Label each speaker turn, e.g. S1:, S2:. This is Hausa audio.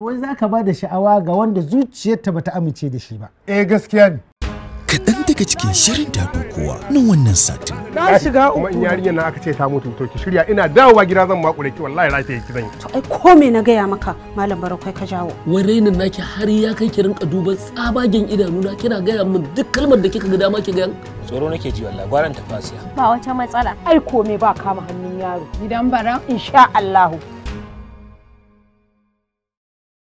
S1: wai za ka ba da sha'awa ga wanda zuciyarta bata amince da shi ba. Eh gaskiya ne.
S2: Kaɗan daga cikin shirin da kowa na wannan satin. Na shiga uku. Kuma in yarinyar nan aka ce ta mutu to ki shirya ina dawowa gida zan makure ki wallahi lafiya ki zan yi. To
S3: ai ko me na gaya maka malam barakwai ka
S4: jawo.
S5: Wai rainin naki har ya kai ki rinka duban tsabagen idanu na kina gaya min duk kalmar da kika ga dama ki ga. Tsoro nake ji wallahi gwaran ta fasiya.
S4: Ba wata matsala. Ai ko me ba kama hannun yaro. Gidan bara insha Allahu.